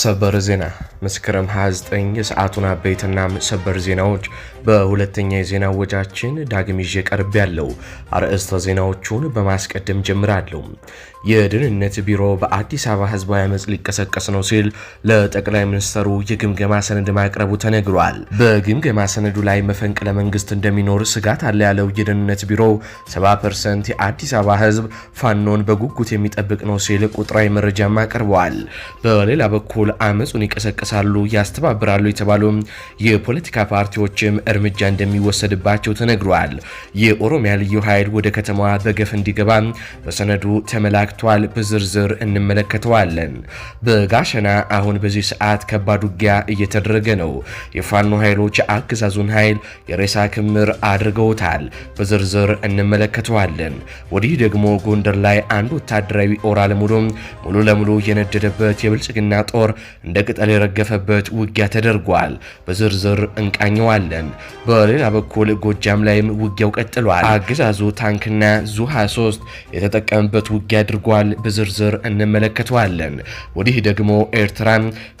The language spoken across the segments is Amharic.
ሰበር ዜና መስከረም 29 የሰዓቱን አበይትና ሰበር ዜናዎች በሁለተኛ የዜና ወጃችን ዳግም ይዤ ቀርብ ያለው አርዕስተ ዜናዎቹን በማስቀደም ጀምራለሁ። የደህንነት ቢሮ በአዲስ አበባ ህዝባዊ አመፅ ሊቀሰቀስ ነው ሲል ለጠቅላይ ሚኒስትሩ የግምገማ ሰነድ ማቅረቡ ተነግሯል። በግምገማ ሰነዱ ላይ መፈንቅለ መንግስት እንደሚኖር ስጋት አለ ያለው የደህንነት ቢሮ 70 ፐርሰንት የአዲስ አበባ ህዝብ ፋኖን በጉጉት የሚጠብቅ ነው ሲል ቁጥራዊ መረጃም አቅርበዋል። በሌላ በኩል አመፁን ይቀሰቀሳሉ ያስተባብራሉ የተባሉ የፖለቲካ ፓርቲዎችም እርምጃ እንደሚወሰድባቸው ተነግሯል። የኦሮሚያ ልዩ ኃይል ወደ ከተማዋ በገፍ እንዲገባ በሰነዱ ተመላ ተሳክቷል። በዝርዝር እንመለከተዋለን። በጋሸና አሁን በዚህ ሰዓት ከባድ ውጊያ እየተደረገ ነው። የፋኖ ኃይሎች አገዛዙን ኃይል የሬሳ ክምር አድርገውታል። በዝርዝር እንመለከተዋለን። ወዲህ ደግሞ ጎንደር ላይ አንድ ወታደራዊ ኦራል ሙሉ ሙሉ ለሙሉ የነደደበት የብልጽግና ጦር እንደ ቅጠል የረገፈበት ውጊያ ተደርጓል። በዝርዝር እንቃኘዋለን። በሌላ በኩል ጎጃም ላይም ውጊያው ቀጥሏል። አገዛዙ ታንክና ዙ 23 የተጠቀመበት ውጊያ አድርጓል። በዝርዝር እንመለከተዋለን። ወዲህ ደግሞ ኤርትራ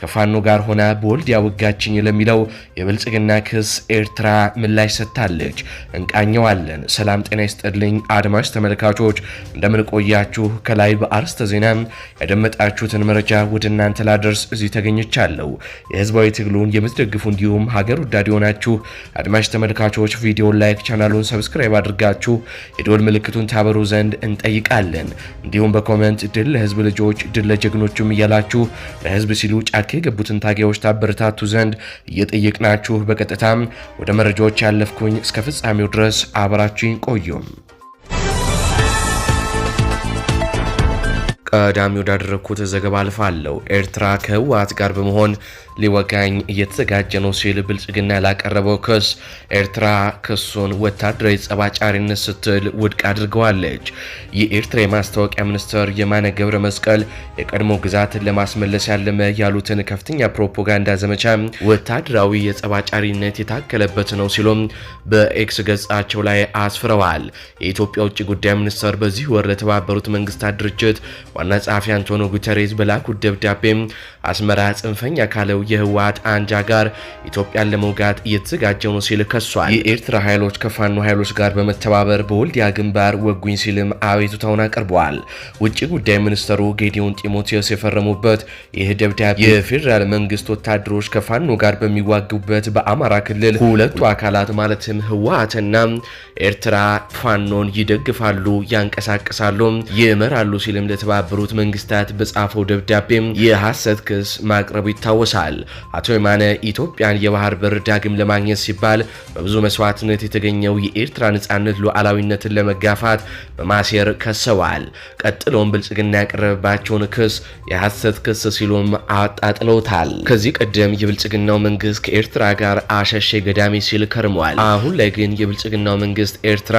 ከፋኖ ጋር ሆና በወልዲያ ወጋችኝ ለሚለው የብልጽግና ክስ ኤርትራ ምላሽ ሰጥታለች። እንቃኘዋለን። ሰላም ጤና ይስጥልኝ አድማጭ ተመልካቾች፣ እንደምንቆያችሁ ከላይ በአርስተ ዜና ያደመጣችሁትን መረጃ ወደ እናንተ ላደርስ እዚህ ተገኝቻለሁ። የህዝባዊ ትግሉን የምትደግፉ እንዲሁም ሀገር ወዳድ የሆናችሁ አድማጭ ተመልካቾች ቪዲዮን ላይክ፣ ቻናሉን ሰብስክራይብ አድርጋችሁ የዶል ምልክቱን ታበሩ ዘንድ እንጠይቃለን። እንዲሁም እንዲሁም በኮመንት ድል ለህዝብ ልጆች ድል ለጀግኖቹም እያላችሁ ለህዝብ ሲሉ ጫካ የገቡትን ታጋዮች ታበረታቱ ዘንድ እየጠየቅናችሁ በቀጥታም ወደ መረጃዎች ያለፍኩኝ እስከ ፍጻሜው ድረስ አብራችሁኝ ቆዩም። ቀዳሚ ወዳደረግኩት ዘገባ አልፋለሁ። ኤርትራ ከህወሓት ጋር በመሆን ሊወጋኝ እየተዘጋጀ ነው ሲል ብልጽግና ላቀረበው ክስ ኤርትራ ክሱን ወታደራዊ ጸባጫሪነት ስትል ውድቅ አድርገዋለች። የኤርትራ የማስታወቂያ ሚኒስትር የማነ ገብረ መስቀል የቀድሞ ግዛትን ለማስመለስ ያለመ ያሉትን ከፍተኛ ፕሮፓጋንዳ ዘመቻ ወታደራዊ የጸባጫሪነት የታከለበት ነው ሲሉም በኤክስ ገጻቸው ላይ አስፍረዋል። የኢትዮጵያ ውጭ ጉዳይ ሚኒስትር በዚህ ወር ለተባበሩት መንግስታት ድርጅት ዋና ጸሐፊ አንቶኒዮ ጉተሬዝ በላኩት ደብዳቤ አስመራ ጽንፈኛ ካለው የህወሀት አንጃ ጋር ኢትዮጵያን ለመውጋት እየተዘጋጀው ነው ሲል ከሷል። የኤርትራ ኃይሎች ከፋኖ ኃይሎች ጋር በመተባበር በወልዲያ ግንባር ወጉኝ ሲልም አቤቱታውን አቅርበዋል። ውጭ ጉዳይ ሚኒስተሩ ጌዲዮን ጢሞቴዎስ የፈረሙበት ይህ ደብዳቤ የፌዴራል መንግስት ወታደሮች ከፋኖ ጋር በሚዋጉበት በአማራ ክልል ሁለቱ አካላት ማለትም ህወሀትና ኤርትራ ፋኖን ይደግፋሉ፣ ያንቀሳቅሳሉ፣ ይመራሉ ሲልም ለተባበሩት መንግስታት በጻፈው ደብዳቤም የሐሰት ክስ ማቅረቡ ይታወሳል። አቶ የማነ ኢትዮጵያን የባህር በር ዳግም ለማግኘት ሲባል በብዙ መስዋዕትነት የተገኘው የኤርትራ ነጻነት ሉዓላዊነትን ለመጋፋት በማሴር ከሰዋል። ቀጥሎም ብልጽግና ያቀረበባቸውን ክስ የሐሰት ክስ ሲሉም አጣጥለውታል። ከዚህ ቀደም የብልጽግናው መንግስት ከኤርትራ ጋር አሸሼ ገዳሚ ሲል ከርሟል። አሁን ላይ ግን የብልጽግናው መንግስት ኤርትራ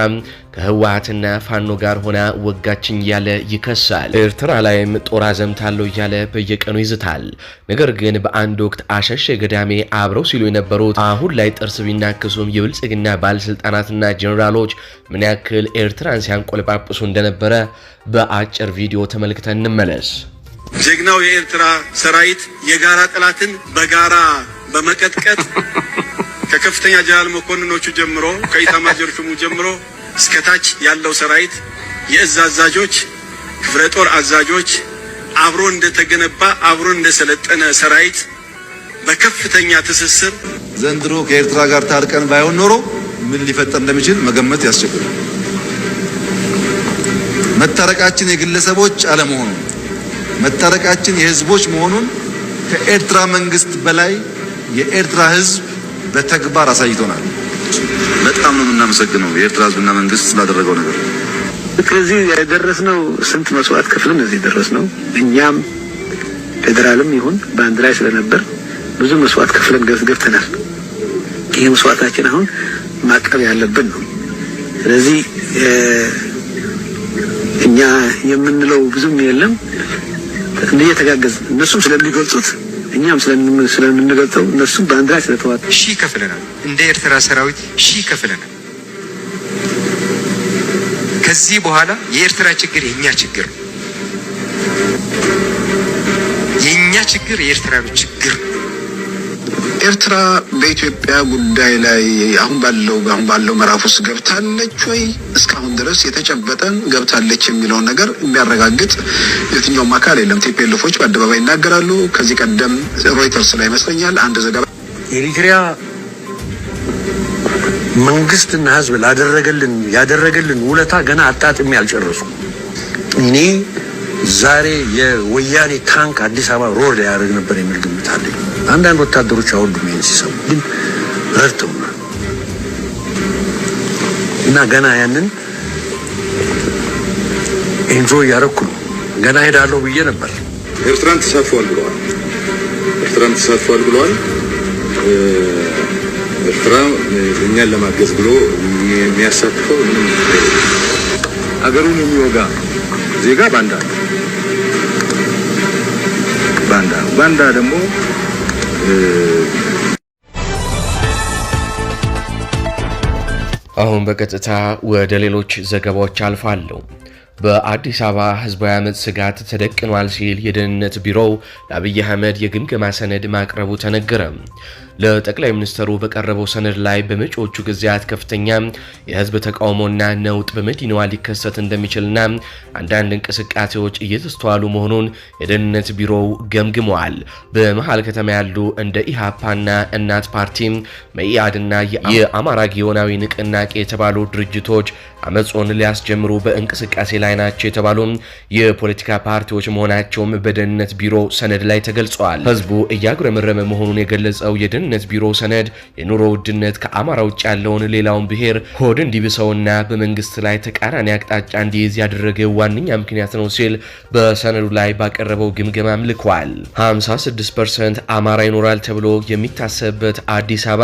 ከህወሀትና ፋኖ ጋር ሆና ወጋችን እያለ ይከሳል። ኤርትራ ላይም ጦር አዘምታለሁ እያለ በየቀኑ ይዝታል። ነገር ግን በአንድ ወቅት አሸሼ ገዳሜ አብረው ሲሉ የነበሩት አሁን ላይ ጥርስ ቢናክሱም የብልጽግና ባለስልጣናትና ጀኔራሎች ምን ያክል ኤርትራን ሲያንቆለጳጵሱ እንደነበረ በአጭር ቪዲዮ ተመልክተን እንመለስ። ጀግናው የኤርትራ ሰራዊት የጋራ ጠላትን በጋራ በመቀጥቀጥ ከከፍተኛ ጀነራል መኮንኖቹ ጀምሮ ከኢታማዦር ሹሙ ጀምሮ እስከታች ያለው ሰራዊት የእዝ አዛዦች፣ ክፍለ ጦር አዛዦች አብሮ እንደተገነባ አብሮ እንደሰለጠነ ሰራዊት በከፍተኛ ትስስር ዘንድሮ ከኤርትራ ጋር ታርቀን ባይሆን ኖሮ ምን ሊፈጠር እንደሚችል መገመት ያስቸግራል። መታረቃችን የግለሰቦች አለመሆኑን መታረቃችን የህዝቦች መሆኑን ከኤርትራ መንግስት በላይ የኤርትራ ህዝብ በተግባር አሳይቶናል። በጣም ነው የምናመሰግነው የኤርትራ ህዝብና መንግስት ስላደረገው ነገር። ከዚህ የደረስነው ስንት መስዋዕት ከፍለን እዚህ ደረስነው። እኛም ፌዴራልም ይሁን በአንድ ላይ ስለነበር ብዙ መስዋዕት ከፍለን ገብተናል። ይህ መስዋዕታችን አሁን ማቀብ ያለብን ነው። ስለዚህ እኛ የምንለው ብዙም የለም። እየተጋገዝ እነሱም ስለሚገልጹት እኛም ስለምንገልጸው እነሱም በአንድ ላይ ስለተዋጡ ሺህ ከፍለናል። እንደ ኤርትራ ሰራዊት ሺህ ከፍለናል። ከዚህ በኋላ የኤርትራ ችግር የእኛ ችግር ነው። የእኛ ችግር የኤርትራኖች ችግር ነው። ኤርትራ በኢትዮጵያ ጉዳይ ላይ አሁን ባለው አሁን ባለው ምዕራፍ ውስጥ ገብታለች ወይ እስካሁን ድረስ የተጨበጠን ገብታለች የሚለውን ነገር የሚያረጋግጥ የትኛውም አካል የለም። ቲፒኤልፎች በአደባባይ ይናገራሉ። ከዚህ ቀደም ሮይተርስ ላይ ይመስለኛል አንድ ዘገባ ኤሪትሪያ መንግስትና ህዝብ ላደረገልን ያደረገልን ውለታ ገና አጣጥሜ አልጨረሱ እኔ ዛሬ የወያኔ ታንክ አዲስ አበባ ሮር ሊያደርግ ነበር የሚል ግምት አለ። አንዳንድ ወታደሮች አወዱም ይህን ሲሰሙ፣ ግን ረድተውና እና ገና ያንን ኤንጆይ እያደረኩ ነው። ገና ሄዳለሁ ብዬ ነበር። ኤርትራን ተሳትፏል ብለዋል። ኤርትራን ተሳትፏል ብለዋል። ኤርትራ እኛን ለማገዝ ብሎ የሚያሳትፈው ምንም አገሩን የሚወጋ ዜጋ ባንዳ ኡጋንዳ ነው። ኡጋንዳ ደግሞ አሁን በቀጥታ ወደ ሌሎች ዘገባዎች አልፋለሁ። በአዲስ አበባ ህዝባዊ አመፅ ስጋት ተደቅኗል ሲል የደህንነት ቢሮው ለአብይ አህመድ የግምገማ ሰነድ ማቅረቡ ተነገረ። ለጠቅላይ ሚኒስትሩ በቀረበው ሰነድ ላይ በመጪዎቹ ጊዜያት ከፍተኛ የህዝብ ተቃውሞና ነውጥ በመዲናዋ ሊከሰት እንደሚችልና አንዳንድ እንቅስቃሴዎች እየተስተዋሉ መሆኑን የደህንነት ቢሮው ገምግመዋል። በመሀል ከተማ ያሉ እንደ ኢሃፓና እናት ፓርቲ፣ መኢአድና የአማራ ጊዮናዊ ንቅናቄ የተባሉ ድርጅቶች አመጾን ሊያስጀምሩ በእንቅስቃሴ ላይ ናቸው የተባሉ የፖለቲካ ፓርቲዎች መሆናቸውም በደህንነት ቢሮ ሰነድ ላይ ተገልጸዋል። ህዝቡ እያጉረመረመ መሆኑን የገለጸው የደህንነት ግንኙነት ቢሮ ሰነድ የኑሮ ውድነት ከአማራ ውጭ ያለውን ሌላውን ብሔር ሆድ እንዲብሰውና በመንግስት ላይ ተቃራኒ አቅጣጫ እንዲይዝ ያደረገ ዋነኛ ምክንያት ነው ሲል በሰነዱ ላይ ባቀረበው ግምገማ አምልኳል። 56% አማራ ይኖራል ተብሎ የሚታሰብበት አዲስ አበባ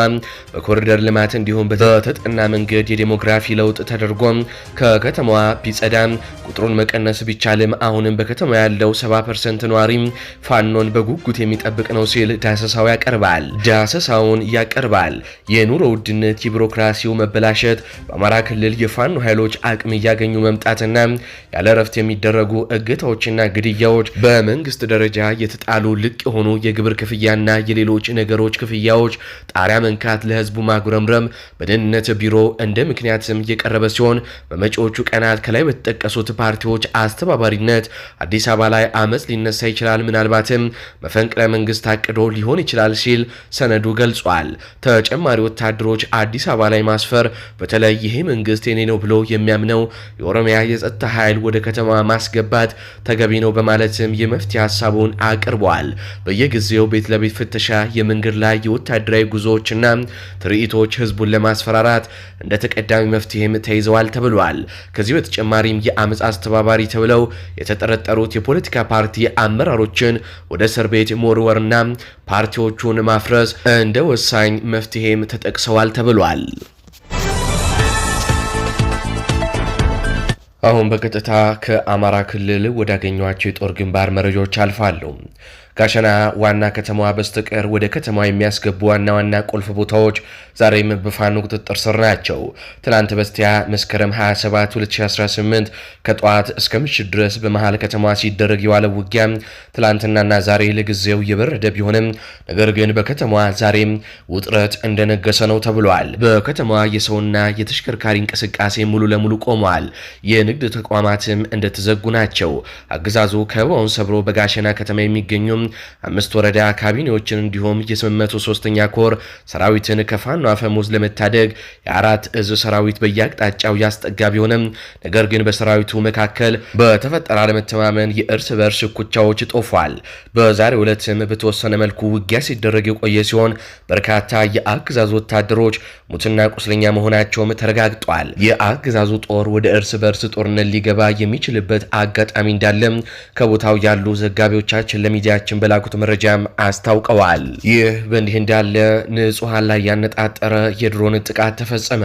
በኮሪደር ልማት እንዲሁም በተጠና መንገድ የዴሞግራፊ ለውጥ ተደርጎም ከከተማዋ ቢጸዳም ቁጥሩን መቀነስ ቢቻልም አሁንም በከተማ ያለው 70% ነዋሪም ፋኖን በጉጉት የሚጠብቅ ነው ሲል ዳሰሳው ያቀርባል። ዳሰ ዳሰሳውን ያቀርባል። የኑሮ ውድነት፣ የቢሮክራሲው መበላሸት፣ በአማራ ክልል የፋኖ ኃይሎች አቅም እያገኙ መምጣትና ያለ እረፍት የሚደረጉ እገታዎችና ግድያዎች፣ በመንግስት ደረጃ የተጣሉ ልቅ የሆኑ የግብር ክፍያና የሌሎች ነገሮች ክፍያዎች ጣሪያ መንካት፣ ለህዝቡ ማጉረምረም በደህንነት ቢሮ እንደ ምክንያትም እየቀረበ ሲሆን በመጪዎቹ ቀናት ከላይ በተጠቀሱት ፓርቲዎች አስተባባሪነት አዲስ አበባ ላይ አመፅ ሊነሳ ይችላል፣ ምናልባትም መፈንቅለ መንግስት አቅዶ ሊሆን ይችላል ሲል ሰነዱ ማቀዱ ገልጿል። ተጨማሪ ወታደሮች አዲስ አበባ ላይ ማስፈር በተለይ ይሄ መንግስት የኔ ነው ብሎ የሚያምነው የኦሮሚያ የጸጥታ ኃይል ወደ ከተማ ማስገባት ተገቢ ነው በማለትም የመፍትሄ ሀሳቡን አቅርቧል። በየጊዜው ቤት ለቤት ፍተሻ፣ የመንገድ ላይ የወታደራዊ ጉዞዎችና ትርኢቶች ህዝቡን ለማስፈራራት እንደ ተቀዳሚ መፍትሄም ተይዘዋል ተብሏል። ከዚህ በተጨማሪም የአመፅ አስተባባሪ ተብለው የተጠረጠሩት የፖለቲካ ፓርቲ አመራሮችን ወደ እስር ቤት መወርወርና ፓርቲዎቹን ማፍረስ እንደ ወሳኝ መፍትሄም ተጠቅሰዋል ተብሏል። አሁን በቀጥታ ከአማራ ክልል ወዳገኟቸው የጦር ግንባር መረጃዎች አልፋለሁ። ጋሸና ዋና ከተማዋ በስተቀር ወደ ከተማዋ የሚያስገቡ ዋና ዋና ቁልፍ ቦታዎች ዛሬም በፋኖ ቁጥጥር ስር ናቸው። ትናንት በስቲያ መስከረም 27 2018 ከጠዋት እስከ ምሽት ድረስ በመሃል ከተማዋ ሲደረግ የዋለ ውጊያ ትላንትናና ዛሬ ለጊዜው የበረደ ቢሆንም ነገር ግን በከተማዋ ዛሬም ውጥረት እንደነገሰ ነው ተብሏል። በከተማዋ የሰውና የተሽከርካሪ እንቅስቃሴ ሙሉ ለሙሉ ቆመዋል። የንግድ ተቋማትም እንደተዘጉ ናቸው። አገዛዙ ከበባውን ሰብሮ በጋሸና ከተማ የሚገኙ አምስት ወረዳ ካቢኔዎችን እንዲሁም የ803ኛ ኮር ሰራዊትን ከፋኖ አፈሙዝ ለመታደግ የአራት እዝ ሰራዊት በየአቅጣጫው ያስጠጋ ቢሆንም ነገር ግን በሰራዊቱ መካከል በተፈጠረ አለመተማመን የእርስ በእርስ ኩቻዎች ጦፏል። በዛሬ ዕለትም በተወሰነ መልኩ ውጊያ ሲደረግ የቆየ ሲሆን በርካታ የአግዛዝ ወታደሮች ሙትና ቁስለኛ መሆናቸውም ተረጋግጧል። የአገዛዙ ጦር ወደ እርስ በእርስ ጦርነት ሊገባ የሚችልበት አጋጣሚ እንዳለም ከቦታው ያሉ ዘጋቢዎቻችን ለሚዲያችን በላኩት መረጃም አስታውቀዋል። ይህ በእንዲህ እንዳለ ንጹሐን ላይ ያነጣጠረ የድሮን ጥቃት ተፈጸመ።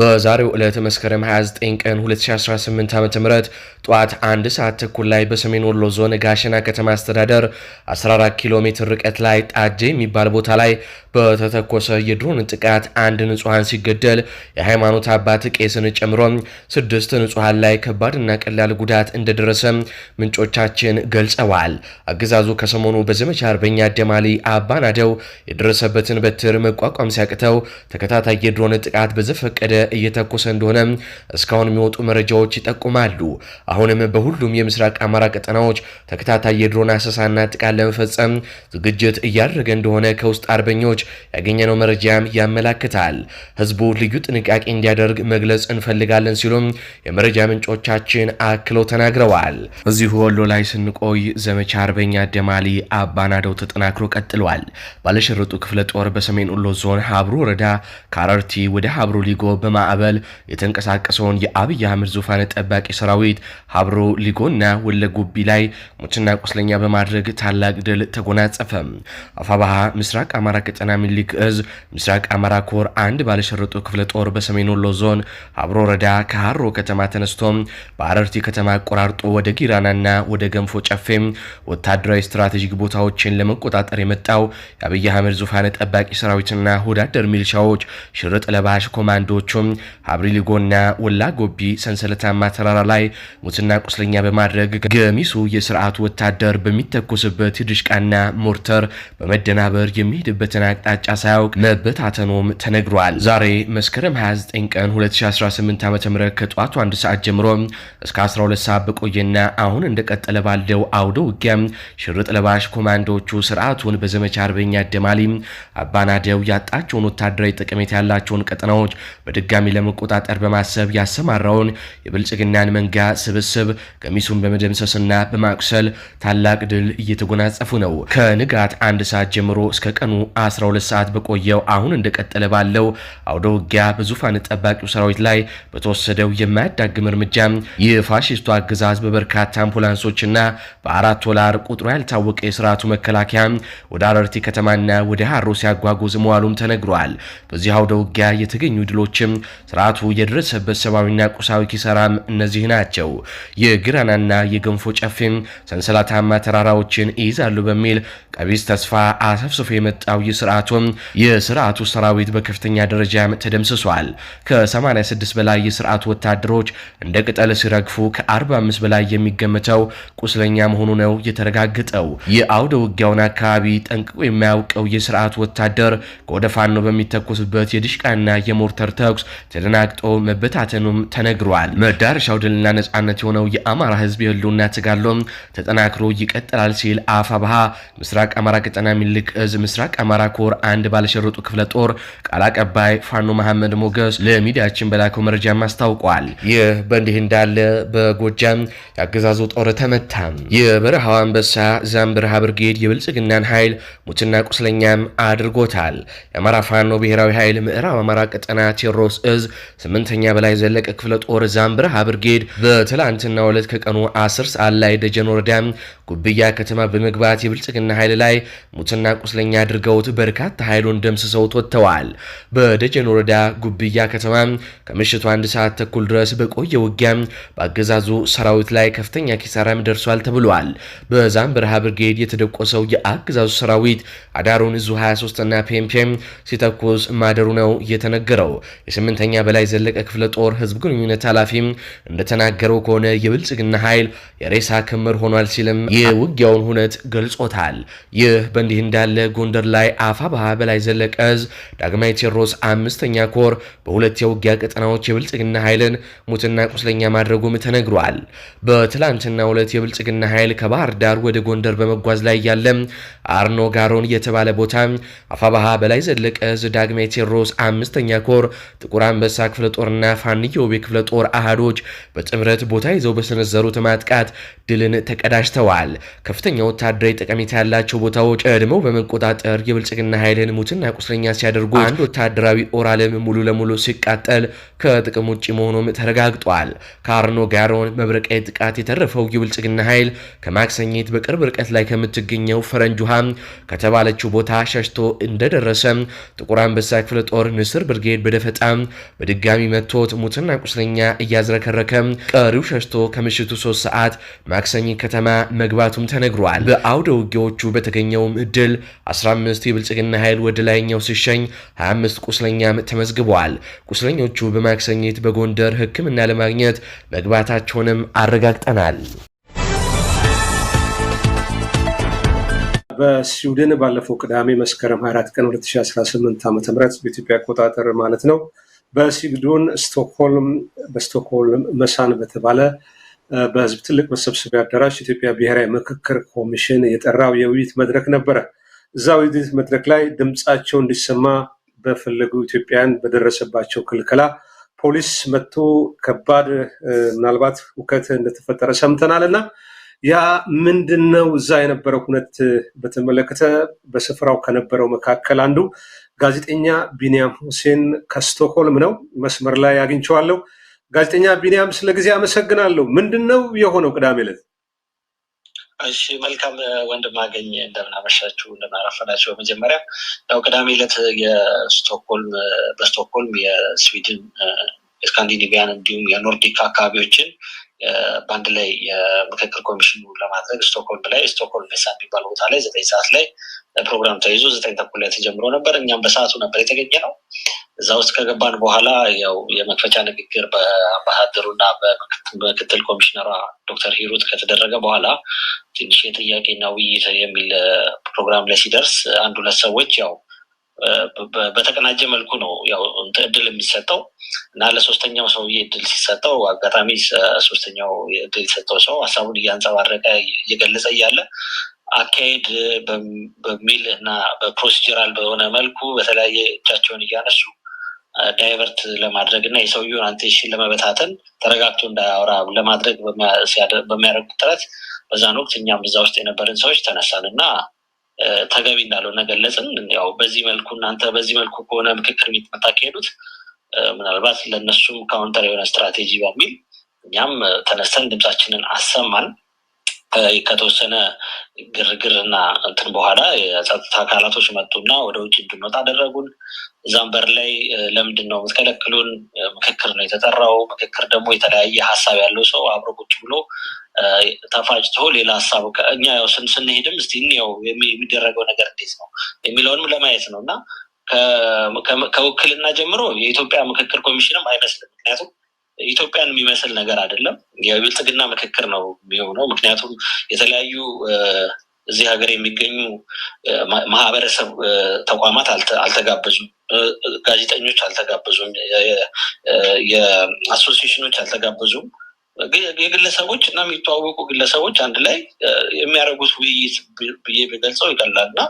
በዛሬው ዕለት መስከረም 29 ቀን 2018 ዓ ም ጠዋት አንድ ሰዓት ተኩል ላይ በሰሜን ወሎ ዞን ጋሸና ከተማ አስተዳደር 14 ኪሎ ሜትር ርቀት ላይ ጣጄ የሚባል ቦታ ላይ በተተኮሰ የድሮን ጥቃት አንድ ንጹሐን ሲገደል የሃይማኖት አባት ቄስን ጨምሮ ስድስት ንጹሐን ላይ ከባድና ቀላል ጉዳት እንደደረሰ ምንጮቻችን ገልጸዋል። አገዛዙ ከሰሞኑ በዘመቻ አርበኛ ደማሊ አባናደው የደረሰበትን በትር መቋቋም ሲያቅተው ተከታታይ የድሮን ጥቃት በዘፈቀደ እየተኮሰ እንደሆነ እስካሁን የሚወጡ መረጃዎች ይጠቁማሉ። አሁንም በሁሉም የምስራቅ አማራ ቀጠናዎች ተከታታይ የድሮን አሰሳና ጥቃት ለመፈጸም ዝግጅት እያደረገ እንደሆነ ከውስጥ አርበኞች ያገኘነው መረጃም ያመላክታል። ይላል። ህዝቡ ልዩ ጥንቃቄ እንዲያደርግ መግለጽ እንፈልጋለን ሲሉም የመረጃ ምንጮቻችን አክለው ተናግረዋል። እዚሁ ወሎ ላይ ስንቆይ ዘመቻ አርበኛ ደማሊ አባናደው ተጠናክሮ ቀጥሏል። ባለሸርጡ ክፍለ ጦር በሰሜን ወሎ ዞን ሀብሩ ወረዳ ካረርቲ ወደ ሀብሩ ሊጎ በማዕበል የተንቀሳቀሰውን የአብይ አህመድ ዙፋን ጠባቂ ሰራዊት ሀብሩ ሊጎና ወለ ጉቢ ላይ ሙትና ቁስለኛ በማድረግ ታላቅ ድል ተጎናጸፈ። አፋባሃ ምስራቅ አማራ ቀጠና ሚኒልክ እዝ ምስራቅ አማራ ኮር አንድ ባለሸርጡ ክፍለ ጦር በሰሜን ወሎ ዞን አብሮ ወረዳ ከሀሮ ከተማ ተነስቶ በአረርቲ ከተማ አቆራርጦ ወደ ጊራናና ወደ ገንፎ ጨፌም ወታደራዊ ስትራቴጂክ ቦታዎችን ለመቆጣጠር የመጣው የአብይ አህመድ ዙፋን ጠባቂ ሰራዊትና ወዳደር ሚልሻዎች ሽርጥ ለባሽ ኮማንዶዎቹም ሀብሪ ሊጎና ወላ ጎቢ ሰንሰለታማ ተራራ ላይ ሙትና ቁስለኛ በማድረግ ገሚሱ የስርዓቱ ወታደር በሚተኮስበት ድሽቃና ሞርተር በመደናበር የሚሄድበትን አቅጣጫ ሳያውቅ መበታተኖም ተነግሯል። ተናግሯል። ዛሬ መስከረም 29 ቀን 2018 ዓ ም ከጠዋቱ አንድ ሰዓት ጀምሮ እስከ 12 ሰዓት በቆየና አሁን እንደቀጠለ ባለው አውደ ውጊያ ሽርጥ ለባሽ ኮማንዶዎቹ ስርዓቱን በዘመቻ አርበኛ ደማሊ አባናደው ያጣቸውን ወታደራዊ ጠቀሜታ ያላቸውን ቀጠናዎች በድጋሚ ለመቆጣጠር በማሰብ ያሰማራውን የብልጽግናን መንጋ ስብስብ ገሚሱን በመደምሰስና በማቁሰል ታላቅ ድል እየተጎናጸፉ ነው። ከንጋት አንድ ሰዓት ጀምሮ እስከ ቀኑ 12 ሰዓት በቆየው አሁን እንደቀጠለ ባለው በተካሄደው አውደ ውጊያ በዙፋን ጠባቂው ሰራዊት ላይ በተወሰደው የማያዳግም እርምጃ የፋሽስቱ አገዛዝ በበርካታ አምቡላንሶችና በአራት ዶላር ቁጥሩ ያልታወቀ የስርዓቱ መከላከያ ወደ አረርቲ ከተማና ወደ ሀሮ ሲያጓጉዝ መዋሉም ተነግሯል። በዚህ አውደ ውጊያ የተገኙ ድሎችም ስርዓቱ የደረሰበት ሰብአዊና ቁሳዊ ኪሰራም እነዚህ ናቸው። የግራናና የገንፎ ጨፌም ሰንሰለታማ ተራራዎችን ይይዛሉ በሚል ቀቢስ ተስፋ አሰፍስፎ የመጣው ይህ የስርዓቱ ሰራዊት በከፍተኛ በከፍተኛ ደረጃም ተደምስሷል። ከ86 በላይ የስርዓቱ ወታደሮች እንደ ቅጠል ሲረግፉ ከ45 በላይ የሚገመተው ቁስለኛ መሆኑ ነው የተረጋገጠው። የአውደ ውጊያውን አካባቢ ጠንቅቆ የማያውቀው የስርዓቱ ወታደር ከወደ ፋኖ በሚተኮስበት የድሽቃና የሞርተር ተኩስ ተደናግጦ መበታተኑም ተነግሯል። መዳረሻው ድልና ነጻነት የሆነው የአማራ ህዝብ የህልውና ትጋሎም ተጠናክሮ ይቀጥላል ሲል አፋብሃ ምስራቅ አማራ ቀጠና ሚልክ እዝ ምስራቅ አማራ ኮር አንድ ባለሸረጡ ክፍለ ጦር ቃል አቀባይ ፋኖ መሐመድ ሞገስ ለሚዲያችን በላከው መረጃም አስታውቋል። ይህ በእንዲህ እንዳለ በጎጃም የአገዛዙ ጦር ተመታ። የበረሃው አንበሳ ዛምብርሃ ብርጌድ የብልጽግናን ኃይል ሙትና ቁስለኛም አድርጎታል። የአማራ ፋኖ ብሔራዊ ኃይል ምዕራብ አማራ ቀጠና ቴዎድሮስ እዝ ስምንተኛ በላይ ዘለቀ ክፍለ ጦር ዛምብርሃ ብርጌድ በትላንትና ዕለት ከቀኑ አስር ሰዓት ላይ ደጀን ወረዳ ጉብያ ከተማ በመግባት የብልጽግና ኃይል ላይ ሙትና ቁስለኛ አድርገውት በርካታ ኃይሉን ደምስሰውት ወጥተዋል። በደጀን ወረዳ ጉብያ ከተማ ከምሽቱ አንድ ሰዓት ተኩል ድረስ በቆየ ውጊያ በአገዛዙ ሰራዊት ላይ ከፍተኛ ኪሳራም ደርሷል ተብሏል። በዛም በረሃ ብርጌድ የተደቆሰው የአገዛዙ ሰራዊት አዳሩን እዙ 23ና ፔምፔም ሲተኩስ ማደሩ ነው የተነገረው። የስምንተኛ በላይ ዘለቀ ክፍለ ጦር ህዝብ ግንኙነት ኃላፊ እንደተናገረው ከሆነ የብልጽግና ኃይል የሬሳ ክምር ሆኗል ሲልም የውጊያውን ሁነት ገልጾታል። ይህ በእንዲህ እንዳለ ጎንደር ላይ አፋ ባህ በላይ ዘለቀ እዝ ዳግማዊ ቴዎድሮስ ቴዎድሮስ አምስተኛ ኮር በሁለት የውጊያ ቀጠናዎች የብልጽግና ኃይልን ሙትና ቁስለኛ ማድረጉም ተነግሯል። በትላንትና ሁለት የብልጽግና ኃይል ከባህር ዳር ወደ ጎንደር በመጓዝ ላይ ያለ አርኖ ጋሮን የተባለ ቦታ አፋባሃ በላይ ዘለቀ እዝ ዳግማዊ ቴዎድሮስ አምስተኛ ኮር ጥቁር አንበሳ ክፍለ ጦርና ፋንየውቤ ክፍለ ጦር አህዶች በጥምረት ቦታ ይዘው በሰነዘሩት ማጥቃት ድልን ተቀዳጅተዋል። ከፍተኛ ወታደራዊ ጠቀሜታ ያላቸው ቦታዎች ቀድመው በመቆጣጠር የብልጽግና ኃይልን ሙትና ቁስለኛ ሲያደርጉ አንድ ወታደ ወታደራዊ ኦራልም ሙሉ ለሙሉ ሲቃጠል ከጥቅም ውጭ መሆኑም ተረጋግጧል። ከአርኖ ጋሮን መብረቃዊ ጥቃት የተረፈው የብልጽግና ኃይል ከማክሰኝት በቅርብ ርቀት ላይ ከምትገኘው ፈረንጅ ውሃ ከተባለችው ቦታ ሸሽቶ እንደደረሰ ጥቁር አንበሳ ክፍለ ጦር ንስር ብርጌድ በደፈጣ በድጋሚ መቶት ሙትና ቁስለኛ እያዝረከረከ ቀሪው ሸሽቶ ከምሽቱ ሶስት ሰዓት ማክሰኝት ከተማ መግባቱም ተነግሯል። በአውደ ውጊያዎቹ በተገኘውም ድል 15 የብልጽግና ኃይል ወደ ላይኛው ሲሸኝ 25 ቁስለኛም ተመዝግበዋል። ቁስለኞቹ በማክሰኝት በጎንደር ሕክምና ለማግኘት መግባታቸውንም አረጋግጠናል። በስዊድን ባለፈው ቅዳሜ መስከረም 24 ቀን 2018 ዓ.ም በኢትዮጵያ አቆጣጠር ማለት ነው በስዊድን ስቶክሆልም በስቶክሆልም መሳን በተባለ በህዝብ ትልቅ መሰብሰቢያ አዳራሽ ኢትዮጵያ ብሔራዊ ምክክር ኮሚሽን የጠራው የውይይት መድረክ ነበረ። እዛ ውይይት መድረክ ላይ ድምፃቸው እንዲሰማ በፈለጉ ኢትዮጵያውያን በደረሰባቸው ክልከላ ፖሊስ መጥቶ ከባድ ምናልባት እውከት እንደተፈጠረ ሰምተናል እና ያ ምንድን ነው እዛ የነበረው ሁነት በተመለከተ በስፍራው ከነበረው መካከል አንዱ ጋዜጠኛ ቢንያም ሁሴን ከስቶክሆልም ነው መስመር ላይ አግኝቼዋለሁ። ጋዜጠኛ ቢንያም ስለ ጊዜ አመሰግናለሁ። ምንድን ነው የሆነው ቅዳሜ ዕለት? እሺ መልካም ወንድም አገኝ እንደምናመሻችሁ አመሻችሁ በመጀመሪያ ያው ቅዳሜ ዕለት የስቶክሆልም በስቶክሆልም የስዊድን የስካንዲኔቪያን እንዲሁም የኖርዲክ አካባቢዎችን በአንድ ላይ የምክክር ኮሚሽኑ ለማድረግ ስቶክሆልም ላይ ስቶክሆልም ሜሳ የሚባል ቦታ ላይ ዘጠኝ ሰዓት ላይ ፕሮግራም ተይዞ ዘጠኝ ተኩል ላይ ተጀምሮ ነበር። እኛም በሰዓቱ ነበር የተገኘ ነው። እዛ ውስጥ ከገባን በኋላ ያው የመክፈቻ ንግግር በአምባሳደሩ እና በምክትል ኮሚሽነሯ ዶክተር ሂሩት ከተደረገ በኋላ ትንሽ የጥያቄና ውይይት የሚል ፕሮግራም ላይ ሲደርስ አንድ ሁለት ሰዎች ያው በተቀናጀ መልኩ ነው ያው እድል የሚሰጠው እና ለሶስተኛው ሰውዬ እድል ሲሰጠው አጋጣሚ ሶስተኛው እድል የሰጠው ሰው ሀሳቡን እያንጸባረቀ እየገለጸ እያለ አካሄድ በሚል እና በፕሮሲጀራል በሆነ መልኩ በተለያየ እጃቸውን እያነሱ ዳይቨርት ለማድረግ እና የሰውየውን አቴንሽን ለመበታተን ተረጋግቶ እንዳያወራ ለማድረግ በሚያደርጉት ጥረት በዛን ወቅት እኛም እዛ ውስጥ የነበርን ሰዎች ተነሳን እና ተገቢ እንዳልሆነ ገለጽን። ያው በዚህ መልኩ እናንተ በዚህ መልኩ ከሆነ ምክክር ቤት ከሄዱት ምናልባት ለእነሱም ካውንተር የሆነ ስትራቴጂ በሚል እኛም ተነስተን ድምፃችንን አሰማን። ከተወሰነ ግርግር እና እንትን በኋላ የጸጥታ አካላቶች መጡና ወደ ውጭ እንድንወጣ አደረጉን። እዛም በር ላይ ለምንድን ነው የምትከለክሉን? ምክክር ነው የተጠራው። ምክክር ደግሞ የተለያየ ሀሳብ ያለው ሰው አብሮ ቁጭ ብሎ ተፋጭቶ ሌላ ሀሳብ እኛ ያው ስንሄድም እስቲ ያው የሚደረገው ነገር እንዴት ነው የሚለውንም ለማየት ነው እና ከውክልና ጀምሮ የኢትዮጵያ ምክክር ኮሚሽንም አይመስልም ምክንያቱም ኢትዮጵያን የሚመስል ነገር አይደለም። የብልጽግና ምክክር ነው የሚሆነው። ምክንያቱም የተለያዩ እዚህ ሀገር የሚገኙ ማህበረሰብ ተቋማት አልተጋበዙም፣ ጋዜጠኞች አልተጋበዙም፣ የአሶሲሽኖች አልተጋበዙም። የግለሰቦች እና የሚተዋወቁ ግለሰቦች አንድ ላይ የሚያደርጉት ውይይት ብዬ ቢገልጸው ይቀላል እና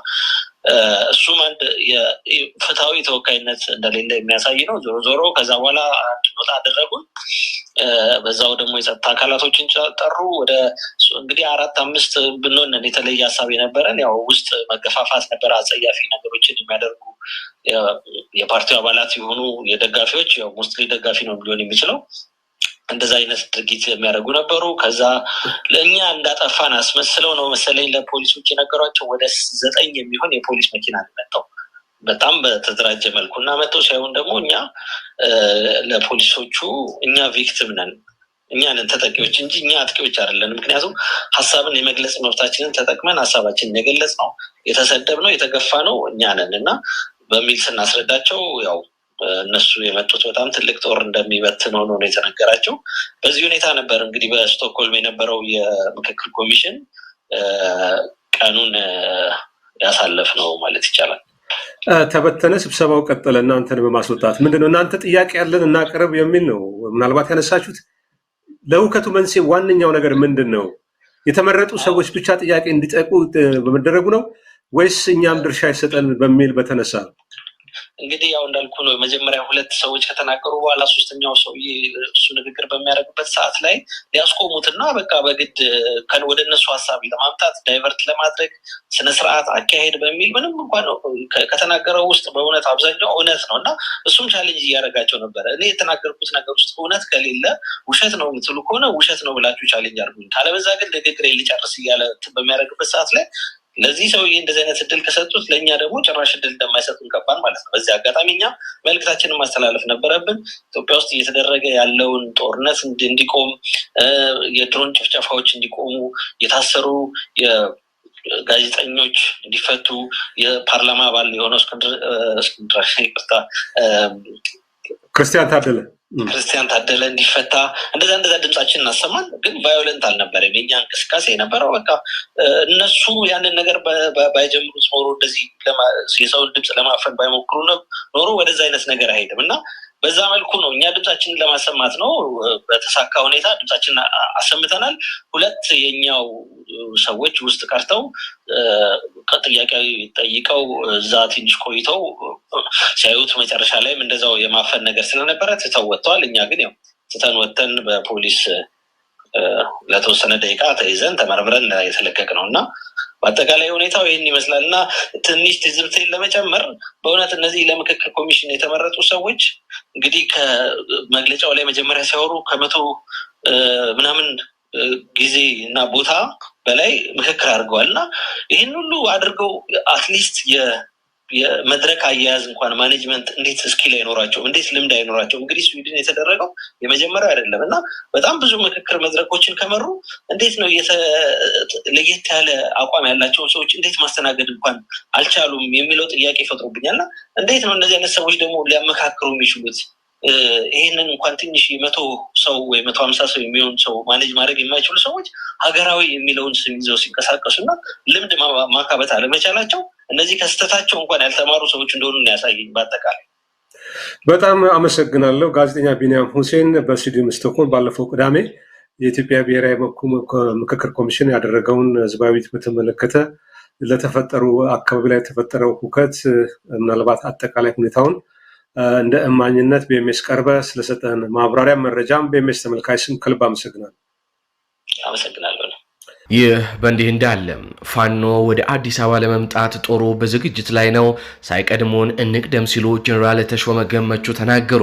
እሱም አንድ ፍትሐዊ ተወካይነት እንደሌለ የሚያሳይ ነው። ዞሮ ዞሮ ከዛ በኋላ እንድንወጣ አደረጉን። በዛው ደግሞ የጸጥታ አካላቶችን ጠሩ። ወደ እንግዲህ አራት አምስት ብንሆን የተለየ ሀሳብ የነበረን ያው ውስጥ መገፋፋት ነበር አጸያፊ ነገሮችን የሚያደርጉ የፓርቲው አባላት የሆኑ የደጋፊዎች ሞስትሊ ደጋፊ ነው ሊሆን የሚችለው እንደዛ አይነት ድርጊት የሚያደርጉ ነበሩ። ከዛ ለእኛ እንዳጠፋን አስመስለው ነው መሰለኝ ለፖሊሶች የነገሯቸው። ወደ ዘጠኝ የሚሆን የፖሊስ መኪና መጣው በጣም በተደራጀ መልኩ እና መጥተው ሳይሆን ደግሞ እኛ ለፖሊሶቹ እኛ ቪክቲም ነን እኛ ነን ተጠቂዎች እንጂ እኛ አጥቂዎች አይደለን። ምክንያቱም ሀሳብን የመግለጽ መብታችንን ተጠቅመን ሀሳባችንን የገለጽ ነው የተሰደብ ነው የተገፋ ነው እኛ ነን እና በሚል ስናስረዳቸው ያው እነሱ የመጡት በጣም ትልቅ ጦር እንደሚበትን ሆኖ ነው የተነገራቸው። በዚህ ሁኔታ ነበር እንግዲህ በስቶክሆልም የነበረው የምክክር ኮሚሽን ቀኑን ያሳለፍ ነው ማለት ይቻላል። ተበተነ፣ ስብሰባው ቀጠለ። እናንተን በማስወጣት ምንድነው እናንተ ጥያቄ ያለን እናቅርብ የሚል ነው ምናልባት ያነሳችሁት። ለውከቱ መንስኤ ዋነኛው ነገር ምንድን ነው? የተመረጡ ሰዎች ብቻ ጥያቄ እንዲጠቁ በመደረጉ ነው ወይስ እኛም ድርሻ ይሰጠን በሚል በተነሳ ነው? እንግዲህ ያው እንዳልኩ ነው መጀመሪያ ሁለት ሰዎች ከተናገሩ በኋላ ሶስተኛው ሰውዬ እሱ ንግግር በሚያደርግበት ሰዓት ላይ ሊያስቆሙትና በቃ በግድ ወደ እነሱ ሀሳብ ለማምጣት ዳይቨርት ለማድረግ ስነስርዓት አካሄድ በሚል ምንም እንኳን ከተናገረው ውስጥ በእውነት አብዛኛው እውነት ነው እና እሱም ቻሌንጅ እያደረጋቸው ነበረ። እኔ የተናገርኩት ነገር ውስጥ እውነት ከሌለ ውሸት ነው የምትሉ ከሆነ ውሸት ነው ብላችሁ ቻሌንጅ አድርጉኝ፣ ካለበዛ ግን ንግግር ሊጨርስ እያለ በሚያደርግበት ሰዓት ላይ ለዚህ ሰውዬ እንደዚህ አይነት እድል ከሰጡት ለእኛ ደግሞ ጭራሽ እድል እንደማይሰጡን ገባን ማለት ነው። በዚህ አጋጣሚ እኛ መልእክታችንን ማስተላለፍ ነበረብን። ኢትዮጵያ ውስጥ እየተደረገ ያለውን ጦርነት እንዲቆም፣ የድሮን ጭፍጨፋዎች እንዲቆሙ፣ የታሰሩ ጋዜጠኞች እንዲፈቱ የፓርላማ አባል የሆነው እስክንድር ክርስቲያን ታደለ ክርስቲያን ታደለ እንዲፈታ እንደዛ እንደዛ ድምጻችን እናሰማን። ግን ቫዮለንት አልነበረም የኛ እንቅስቃሴ የነበረው በቃ እነሱ ያንን ነገር ባይጀምሩት ኖሮ እንደዚህ የሰውን ድምፅ ለማፈን ባይሞክሩ ኖሮ ወደዛ አይነት ነገር አይሄድም እና በዛ መልኩ ነው እኛ ድምጻችንን ለማሰማት ነው። በተሳካ ሁኔታ ድምጻችንን አሰምተናል። ሁለት የኛው ሰዎች ውስጥ ቀርተው ጥያቄ ጠይቀው እዛ ትንሽ ቆይተው ሲያዩት መጨረሻ ላይም እንደዛው የማፈን ነገር ስለነበረ ትተው ወጥተዋል። እኛ ግን ያው ትተን ወጥተን በፖሊስ ለተወሰነ ደቂቃ ተይዘን ተመርምረን የተለቀቅ ነው እና በአጠቃላይ ሁኔታው ይህን ይመስላል እና ትንሽ ትዝብትን ለመጨመር በእውነት እነዚህ ለምክክር ኮሚሽን የተመረጡ ሰዎች እንግዲህ ከመግለጫው ላይ መጀመሪያ ሲያወሩ ከመቶ ምናምን ጊዜ እና ቦታ በላይ ምክክር አድርገዋል እና ይህን ሁሉ አድርገው አትሊስት የመድረክ አያያዝ እንኳን ማኔጅመንት እንዴት ስኪል አይኖራቸውም? እንዴት ልምድ አይኖራቸውም? እንግዲህ ስዊድን የተደረገው የመጀመሪያው አይደለም እና በጣም ብዙ ምክክር መድረኮችን ከመሩ እንዴት ነው ለየት ያለ አቋም ያላቸውን ሰዎች እንዴት ማስተናገድ እንኳን አልቻሉም የሚለው ጥያቄ ይፈጥሩብኛል እና እንዴት ነው እነዚህ አይነት ሰዎች ደግሞ ሊያመካክሩ የሚችሉት? ይህንን እንኳን ትንሽ የመቶ ሰው ወይ መቶ ሀምሳ ሰው የሚሆን ሰው ማኔጅ ማድረግ የማይችሉ ሰዎች ሀገራዊ የሚለውን ስም ይዘው ሲንቀሳቀሱ እና ልምድ ማካበት አለመቻላቸው እነዚህ ከስተታቸው እንኳን ያልተማሩ ሰዎች እንደሆኑ ያሳየኝ። በአጠቃላይ በጣም አመሰግናለሁ። ጋዜጠኛ ቢንያም ሁሴን በስቱዲዮም ምስተኮን ባለፈው ቅዳሜ የኢትዮጵያ ብሔራዊ ምክክር ኮሚሽን ያደረገውን ህዝባዊ በተመለከተ ለተፈጠሩ አካባቢ ላይ የተፈጠረው ሁከት ምናልባት አጠቃላይ ሁኔታውን እንደ እማኝነት በኤምኤስ ቀርበ ስለሰጠን ማብራሪያ መረጃም በኤምኤስ ተመልካች ስም ከልብ አመሰግናለሁ። አመሰግናለሁ። ይህ በእንዲህ እንዳለ ፋኖ ወደ አዲስ አበባ ለመምጣት ጦሩ በዝግጅት ላይ ነው፣ ሳይቀድሞን እንቅደም ሲሉ ጀኔራል ተሾመ ገመቹ ተናገሩ።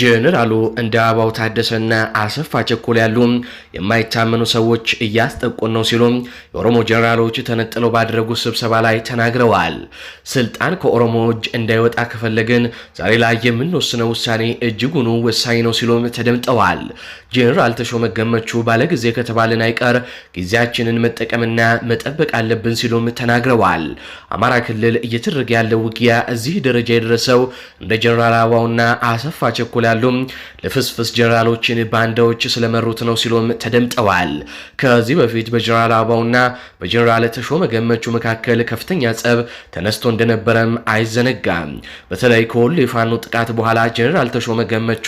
ጄኔራሉ እንደ አባው ታደሰና አሰፋ ቸኮል ያሉ የማይታመኑ ሰዎች እያስጠቁን ነው ሲሉ የኦሮሞ ጄኔራሎች ተነጥለው ባደረጉት ስብሰባ ላይ ተናግረዋል። ስልጣን ከኦሮሞ እጅ እንዳይወጣ ከፈለግን ዛሬ ላይ የምንወስነው ውሳኔ እጅጉኑ ወሳኝ ነው ሲሉም ተደምጠዋል። ጄኔራል ተሾመ ገመቹ ባለጊዜ ከተባልን አይቀር ጊዜያችንን መጠቀምና መጠበቅ አለብን ሲሉም ተናግረዋል። አማራ ክልል እየተደረገ ያለው ውጊያ እዚህ ደረጃ የደረሰው እንደ ጄኔራል አበባውና አሰፋ ቸኮል ይሆናሉ፣ ለፍስፍስ ጀነራሎችን ባንዳዎች ስለመሩት ነው ሲሉም ተደምጠዋል። ከዚህ በፊት በጀነራል አበባውና በጀነራል ተሾመ ገመቹ መካከል ከፍተኛ ጸብ ተነስቶ እንደነበረም አይዘነጋም። በተለይ ከወሎ የፋኖ ጥቃት በኋላ ጀነራል ተሾመ ገመቹ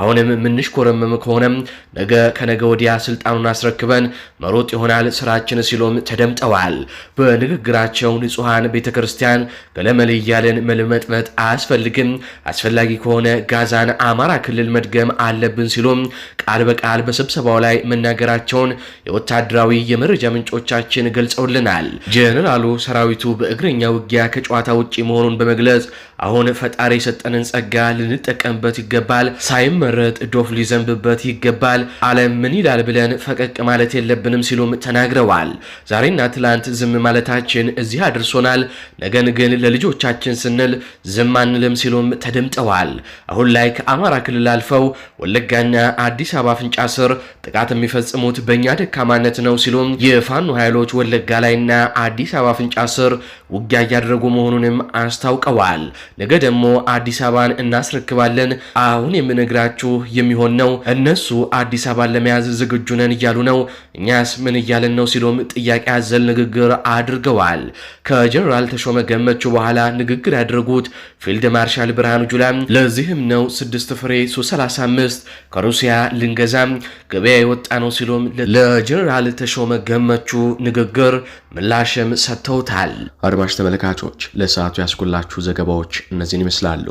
አሁንም ምንሽ ኮረመም ከሆነም ነገ ከነገ ወዲያ ስልጣኑን አስረክበን መሮጥ ይሆናል ስራችን ሲሉም ተደምጠዋል። በንግግራቸው ንጹሐን ቤተ ክርስቲያን ገለመል እያለን መልመጥመጥ አያስፈልግም፣ አስፈላጊ ከሆነ ጋዛን አማራ ክልል መድገም አለብን ሲሉም ቃል በቃል በስብሰባው ላይ መናገራቸውን የወታደራዊ የመረጃ ምንጮቻችን ገልጸውልናል። ጀነራሉ ሰራዊቱ በእግረኛ ውጊያ ከጨዋታ ውጪ መሆኑን በመግለጽ አሁን ፈጣሪ የሰጠንን ጸጋ ልንጠቀምበት ይገባል። ሳይመረጥ ዶፍ ሊዘንብበት ይገባል። ዓለም ምን ይላል ብለን ፈቀቅ ማለት የለብንም ሲሉም ተናግረዋል። ዛሬና ትላንት ዝም ማለታችን እዚህ አድርሶናል። ነገን ግን ለልጆቻችን ስንል ዝም አንልም ሲሉም ተደምጠዋል። አሁን ላይ አማራ ክልል አልፈው ወለጋና አዲስ አበባ አፍንጫ ስር ጥቃት የሚፈጽሙት በእኛ ደካማነት ነው ሲሉም የፋኖ ኃይሎች ወለጋ ላይና አዲስ አበባ አፍንጫ ስር ውጊያ እያደረጉ መሆኑንም አስታውቀዋል። ነገ ደግሞ አዲስ አበባን እናስረክባለን፣ አሁን የምነግራችሁ የሚሆን ነው። እነሱ አዲስ አበባን ለመያዝ ዝግጁ ነን እያሉ ነው፣ እኛስ ምን እያለን ነው ሲሉም ጥያቄ አዘል ንግግር አድርገዋል። ከጀኔራል ተሾመ ገመቹ በኋላ ንግግር ያደረጉት ፊልድ ማርሻል ብርሃኑ ጁላ ለዚህም ነው 6 ፍሬ 335 35 ከሩሲያ ልንገዛም ገበያ የወጣ ነው ሲሉም ለጀኔራል ተሾመ ገመቹ ንግግር ምላሽም ሰጥተውታል። አድማጭ ተመልካቾች ለሰዓቱ ያስኩላችሁ ዘገባዎች እነዚህን ይመስላሉ።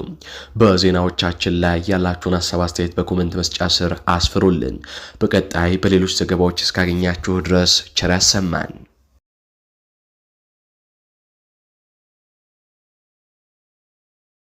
በዜናዎቻችን ላይ ያላችሁን ሀሳብ አስተያየት በኮመንት መስጫ ስር አስፍሩልን። በቀጣይ በሌሎች ዘገባዎች እስካገኛችሁ ድረስ ቸር ያሰማን።